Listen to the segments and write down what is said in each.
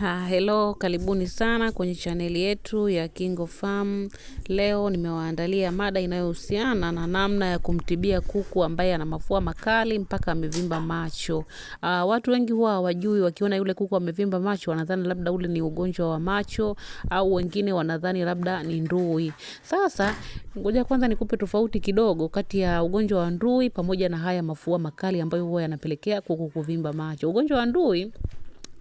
Ha, hello, karibuni sana kwenye chaneli yetu ya Kingo Farm. Leo nimewaandalia mada inayohusiana na namna ya kumtibia kuku ambaye ana mafua makali mpaka amevimba macho. Uh, watu wengi huwa hawajui, wakiona yule kuku amevimba macho wanadhani labda ule ni ugonjwa wa macho au wengine wanadhani labda ni ndui. Sasa ngoja kwanza nikupe tofauti kidogo kati ya ugonjwa wa ndui pamoja na haya mafua makali ambayo huwa yanapelekea kuku kuvimba macho. Ugonjwa wa ndui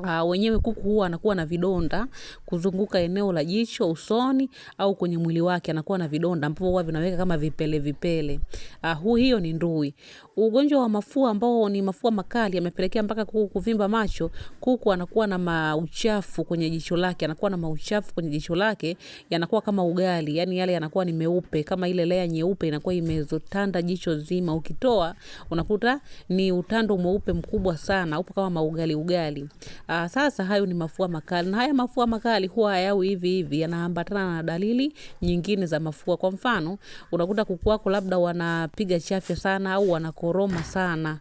Uh, wenyewe kuku huwa anakuwa na vidonda kuzunguka eneo la jicho, usoni au kwenye mwili wake anakuwa na vidonda ambapo huwa vinaweka kama vipele vipele. Uh, ah, huu hiyo ni ndui. Ugonjwa wa mafua ambao ni mafua makali yamepelekea mpaka kuku kuvimba macho. Kuku anakuwa na mauchafu kwenye jicho lake, anakuwa na mauchafu kwenye jicho lake yanakuwa kama ugali, yani yale yanakuwa ni meupe kama ile lea nyeupe inakuwa imezotanda jicho zima. Ukitoa unakuta ni utando mweupe mkubwa sana, upo kama maugali ugali. Uh, sasa hayo ni mafua makali, na haya mafua makali huwa hayawi hivi hivi, yanaambatana na dalili nyingine za mafua. Kwa mfano, unakuta kuku wako labda wanapiga chafya sana au wanakoroma sana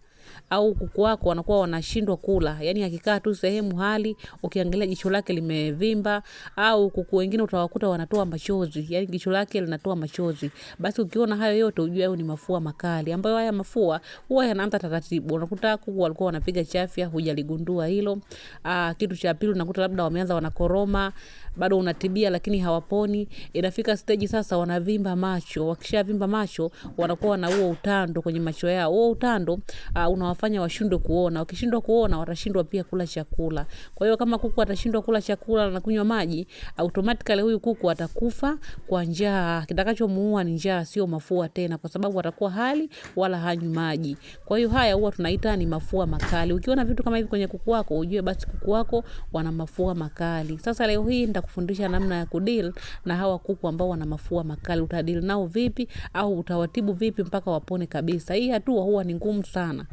au kuku wako wanakuwa wanashindwa kula. Yani akikaa tu sehemu hali ukiangalia jicho lake limevimba, au kuku wengine utawakuta wanatoa machozi, yani jicho lake linatoa machozi. Basi ukiona hayo yote ujue hayo ni mafua makali, ambayo haya mafua huwa yanaanza taratibu. Unakuta kuku walikuwa wanapiga chafya, hujaligundua hilo. Aa, ah, kitu cha pili unakuta labda wameanza wanakoroma, bado unatibia lakini hawaponi. Inafika steji sasa wanavimba macho. Wakishavimba macho wanakuwa na huo utando kwenye macho yao. Huo utando uh, una unawafanya washindwe kuona. Wakishindwa kuona, watashindwa pia kula chakula. Kwa hiyo kama kuku atashindwa kula chakula na kunywa maji, automatically huyu kuku atakufa kwa njaa. Kitakachomuua ni njaa, sio mafua tena, kwa sababu atakuwa hali wala hanywi maji. Kwa hiyo haya huwa tunaita ni mafua makali. Ukiona vitu kama hivi kwenye kuku wako, ujue basi kuku wako wana mafua makali. Sasa leo hii nitakufundisha namna ya kudeal na hawa kuku ambao wana mafua makali. Utadeal nao vipi au utawatibu vipi mpaka wapone kabisa? Hii hatua huwa ni ngumu sana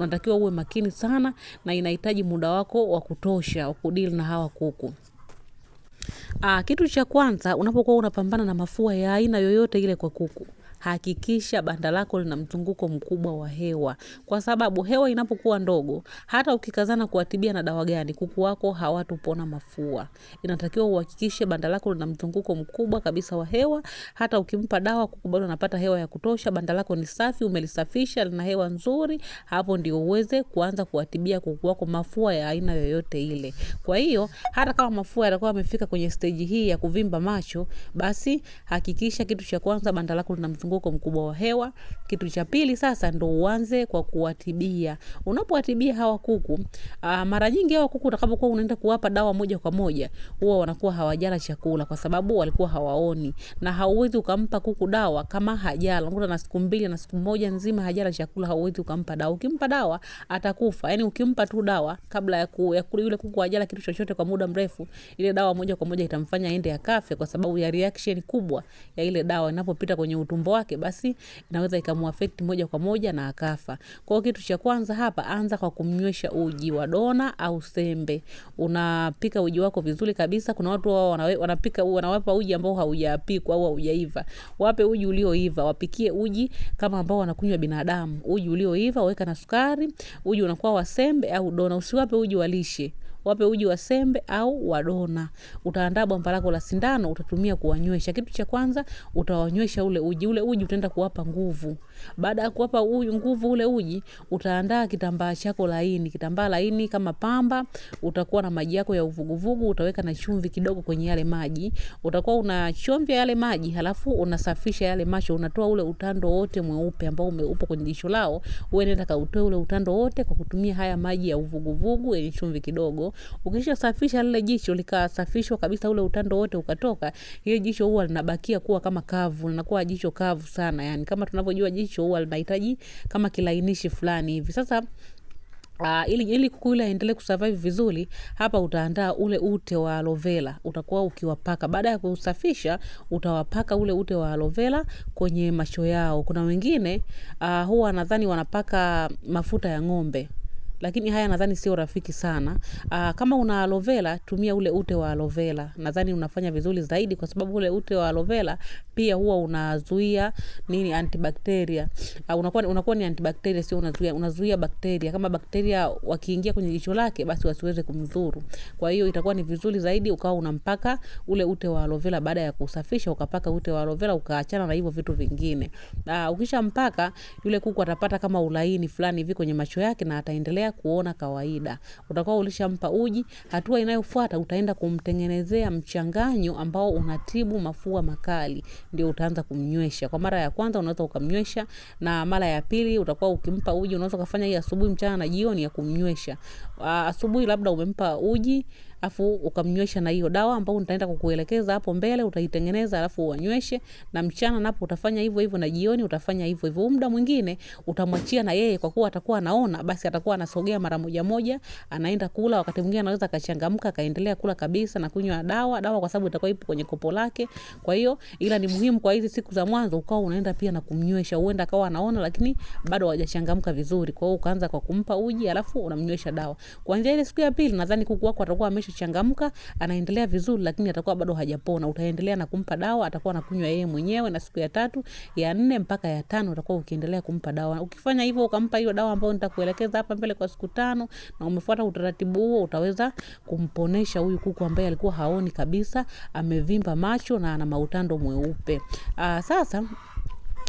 unatakiwa uwe makini sana na inahitaji muda wako wa kutosha wa kudili na hawa kuku. Aa, ah, kitu cha kwanza unapokuwa unapambana na mafua ya aina yoyote ile kwa kuku, hakikisha banda lako lina mzunguko mkubwa wa hewa, kwa sababu hewa inapokuwa ndogo, hata ukikazana kuatibia na dawa gani, kuku wako hawatopona mafua. Inatakiwa uhakikishe banda lako lina mzunguko mkubwa kabisa wa hewa. Hata ukimpa dawa, kuku bado anapata hewa ya kutosha. Banda lako ni safi, umelisafisha, lina hewa nzuri, hapo ndio uweze kuanza kuatibia kuku wako mafua ya aina yoyote ile. Kwa hiyo hata kama mafua yatakuwa yamefika kwenye steji hii ya kuvimba macho, basi hakikisha kitu cha kwanza banda lako lina mzunguko mzunguko mkubwa wa hewa. Kitu cha pili sasa ndo uanze kwa kuwatibia. Unapowatibia hawa kuku, aa, ah, mara nyingi hawa kuku utakapokuwa unaenda kuwapa dawa moja kwa moja, huwa wanakuwa hawajala chakula kwa sababu walikuwa hawaoni, na hauwezi ukampa kuku dawa kama hajala. Unakuta na siku mbili na siku moja nzima hajala chakula, hauwezi ukampa dawa. Ukimpa dawa atakufa. Yani ukimpa tu dawa kabla ya ku, ya kule yule kuku hajala kitu chochote kwa muda mrefu, ile dawa moja kwa moja itamfanya aende akafe kwa sababu ya reaction kubwa ya ile dawa inapopita kwenye utumbo kwake, basi inaweza ikamuafekti moja kwa moja na akafa. Kwa hiyo kitu cha kwanza hapa, anza kwa kumnywesha uji wa dona au sembe. Unapika uji wako vizuri kabisa. Kuna watu wao wanapika wanawapa uji ambao haujapikwa au haujaiva. Wape uji ulioiva, wapikie uji kama ambao wanakunywa binadamu. Uji ulioiva weka na sukari. Uji unakuwa wa sembe au dona, usiwape uji wa lishe wape uji wa sembe au wa dona. Utaandaa bomba lako la sindano, utatumia kuwanywesha. Kitu cha kwanza utawanywesha ule uji, ule uji utaenda kuwapa nguvu. Baada ya kuwapa uji nguvu ule uji, utaandaa kitambaa chako laini, kitambaa laini kama pamba. Utakuwa na maji yako ya uvuguvugu, utaweka na chumvi kidogo kwenye yale maji, utakuwa unachomvya yale maji, halafu unasafisha yale macho, unatoa ule utando wote mweupe ambao umeupo kwenye jicho lao. Wewe nenda kautoe ule utando wote kwa kutumia haya maji ya uvuguvugu yenye chumvi kidogo ukisha Ukishasafisha lile jicho likasafishwa kabisa, ule utando wote ukatoka, hiyo jicho huwa linabakia kuwa kama kavu, linakuwa jicho kavu sana. Yani kama tunavyojua jicho huwa linahitaji kama kilainishi fulani hivi. Sasa Uh, ili, ili kuku ile aendelee kusurvive vizuri, hapa utaandaa ule ute wa aloe vera, utakuwa ukiwapaka baada ya kusafisha, utawapaka ule ute wa aloe vera kwenye macho yao. Kuna wengine uh, huwa nadhani wanapaka mafuta ya ng'ombe lakini haya nadhani sio rafiki sana. Aa, ah, kama una aloe vera tumia ule ute wa aloe vera, nadhani unafanya vizuri zaidi, kwa sababu ule ute wa aloe vera pia huwa unazuia nini, antibakteria. Aa, ah, unakuwa unakuwa ni antibakteria, sio unazuia, unazuia bakteria. Kama bakteria wakiingia kwenye jicho lake, basi wasiweze kumdhuru. Kwa hiyo itakuwa ni vizuri zaidi ukawa unampaka ule ute wa aloe vera, baada ya kusafisha ukapaka ute wa aloe vera, ukaachana na hivyo vitu vingine. Aa, ah, ukishampaka yule kuku atapata kama ulaini fulani hivi kwenye macho yake na ataendelea kuona kawaida. Utakuwa ulishampa uji, hatua inayofuata utaenda kumtengenezea mchanganyo ambao unatibu mafua makali, ndio utaanza kumnywesha. Kwa mara ya kwanza unaweza ukamnywesha, na mara ya pili utakuwa ukimpa uji, unaweza ukafanya hii asubuhi, mchana na jioni ya kumnywesha. Asubuhi labda umempa uji afu ukamnywesha na hiyo dawa ambayo nitaenda kukuelekeza hapo mbele, utaitengeneza alafu uwanyweshe, na mchana napo utafanya hivyo hivyo, na jioni utafanya hivyo hivyo. Muda mwingine utamwachia na yeye, kwa kuwa atakuwa anaona, basi atakuwa anasogea mara moja moja, anaenda kula. Wakati mwingine anaweza akachangamka akaendelea kula kabisa na kunywa dawa dawa, kwa sababu itakuwa ipo kwenye kopo lake. Kwa hiyo, ila ni muhimu kwa hizi siku za mwanzo ukawa unaenda pia na kumnywesha, huenda akawa anaona, lakini bado hajachangamka vizuri. Kwa hiyo ukaanza kwa kumpa uji, alafu unamnywesha dawa kuanzia ile siku ya pili. Nadhani kuku wako atakuwa amesha atachangamka, anaendelea vizuri, lakini atakuwa bado hajapona. Utaendelea na kumpa dawa, atakuwa anakunywa yeye mwenyewe, na siku ya tatu, ya nne mpaka ya tano utakuwa ukiendelea kumpa dawa. Ukifanya hivyo, ukampa hiyo dawa ambayo nitakuelekeza hapa mbele kwa siku tano, na umefuata utaratibu huo, utaweza kumponesha huyu kuku ambaye alikuwa haoni kabisa, amevimba macho na ana mautando mweupe. Aa, ah, sasa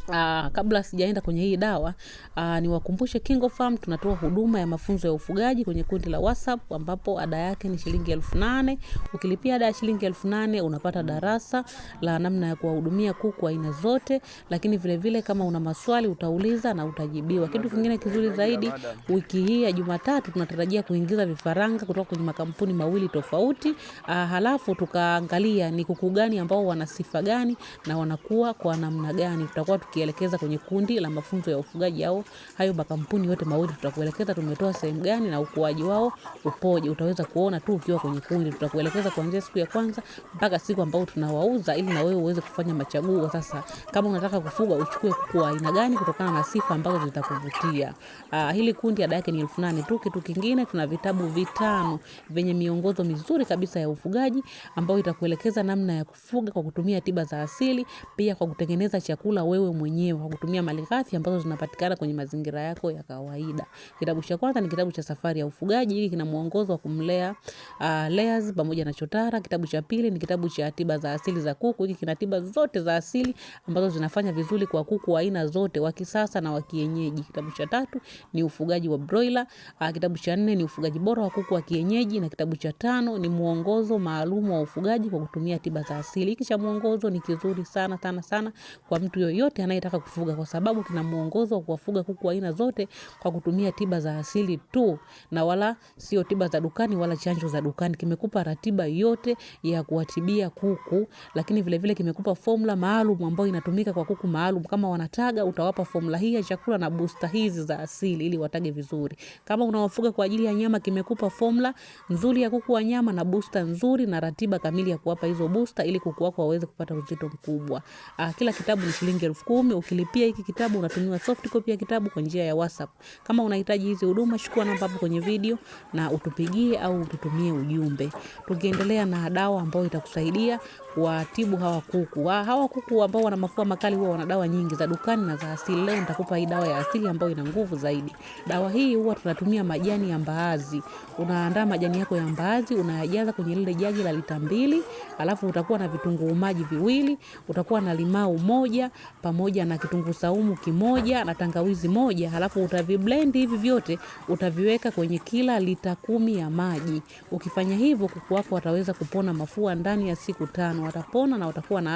Uh, kabla sijaenda kwenye hii dawa uh, niwakumbushe KingoFarm tunatoa huduma ya mafunzo ya ufugaji kwenye kundi la WhatsApp ambapo ada yake ni shilingi elfu nane. Ukilipia ada ya shilingi elfu nane unapata darasa la namna ya kuwahudumia kuku aina zote, lakini vile vile kama una maswali utauliza na utajibiwa. Kitu kingine kizuri zaidi, wiki hii ya Jumatatu tunatarajia kuingiza vifaranga kutoka kwenye makampuni mawili tofauti uh, halafu tukaangalia ni kuku gani ambao wana sifa gani na wanakuwa kwa namna gani. Tutakuwa tukielekeza kwenye kundi la mafunzo ya ufugaji au hayo makampuni yote mawili, tutakuelekeza tumetoa sehemu gani na ukuaji wao upoje. Utaweza kuona tu ukiwa kwenye kundi, tutakuelekeza kuanzia siku ya kwanza mpaka siku ambayo tunawauza, ili na wewe uweze kufanya machaguo. Sasa kama unataka kufuga, uchukue kuku aina gani kutokana na sifa ambazo zitakuvutia. Ah, hili kundi ada yake ni elfu nane tu. Kitu kingine tuna vitabu vitano vyenye miongozo mizuri kabisa ya ufugaji ambayo itakuelekeza namna ya kufuga kwa kutumia tiba za asili, pia kwa kutengeneza chakula wewe mwenyewe kwa kutumia malighafi ambazo zinapatikana kwenye mazingira yako ya kawaida. Kitabu cha kwanza ni kitabu cha Safari ya Ufugaji. Hiki kina mwongozo wa kumlea uh, layers pamoja na chotara. Kitabu cha pili ni kitabu cha tiba za asili za kuku. Hiki kina tiba zote za asili ambazo zinafanya vizuri kwa kuku aina zote wa kisasa na wa kienyeji. Kitabu cha tatu ni ufugaji wa broiler. Uh, kitabu cha nne ni ufugaji bora wa kuku wa kienyeji na kitabu cha tano ni mwongozo maalum wa ufugaji kwa kutumia tiba za asili. Hiki cha mwongozo ni kizuri sana sana sana kwa mtu yoyote anayetaka kufuga, kwa sababu kina mwongozo wa kuwafuga kuku aina zote kwa kutumia tiba za asili tu, na wala sio tiba za dukani wala chanjo za dukani. Kimekupa ratiba yote ya kuwatibia kuku, lakini vile vile kimekupa formula maalum ambayo inatumika kwa kuku maalum. Kama wanataga, utawapa formula hii ya chakula na booster hizi za asili ili watage vizuri. Kama unawafuga kwa ajili ya nyama, kimekupa formula nzuri ya kuku wa nyama na booster nzuri na ratiba kamili ya kuwapa hizo booster ili kuku wako waweze kupata uzito mkubwa. Ah, kila kitabu ni shilingi elfu kumi kumi. Ukilipia hiki kitabu unatumiwa soft copy ya kitabu kwa njia ya WhatsApp. Kama unahitaji hizi huduma, chukua namba hapo kwenye video na utupigie au ututumie ujumbe. Tukiendelea na dawa ambayo itakusaidia watibu hawa kuku. Hawa kuku ambao wana mafua makali huwa wana dawa nyingi za dukani na za asili. Leo nitakupa hii dawa ya asili ambayo ina nguvu zaidi. Dawa hii huwa tunatumia majani ya mbaazi. Unaandaa majani yako ya mbaazi, unayajaza kwenye lile jagi la lita mbili, alafu utakuwa na vitunguu maji viwili, utakuwa na limau moja pamoja na kitunguu saumu kimoja na tangawizi moja, alafu utaviblend hivi vyote, utaviweka kwenye kila lita kumi ya maji. Ukifanya hivyo, kuku wako wataweza kupona mafua ndani ya siku tano na watapona na watakuwa na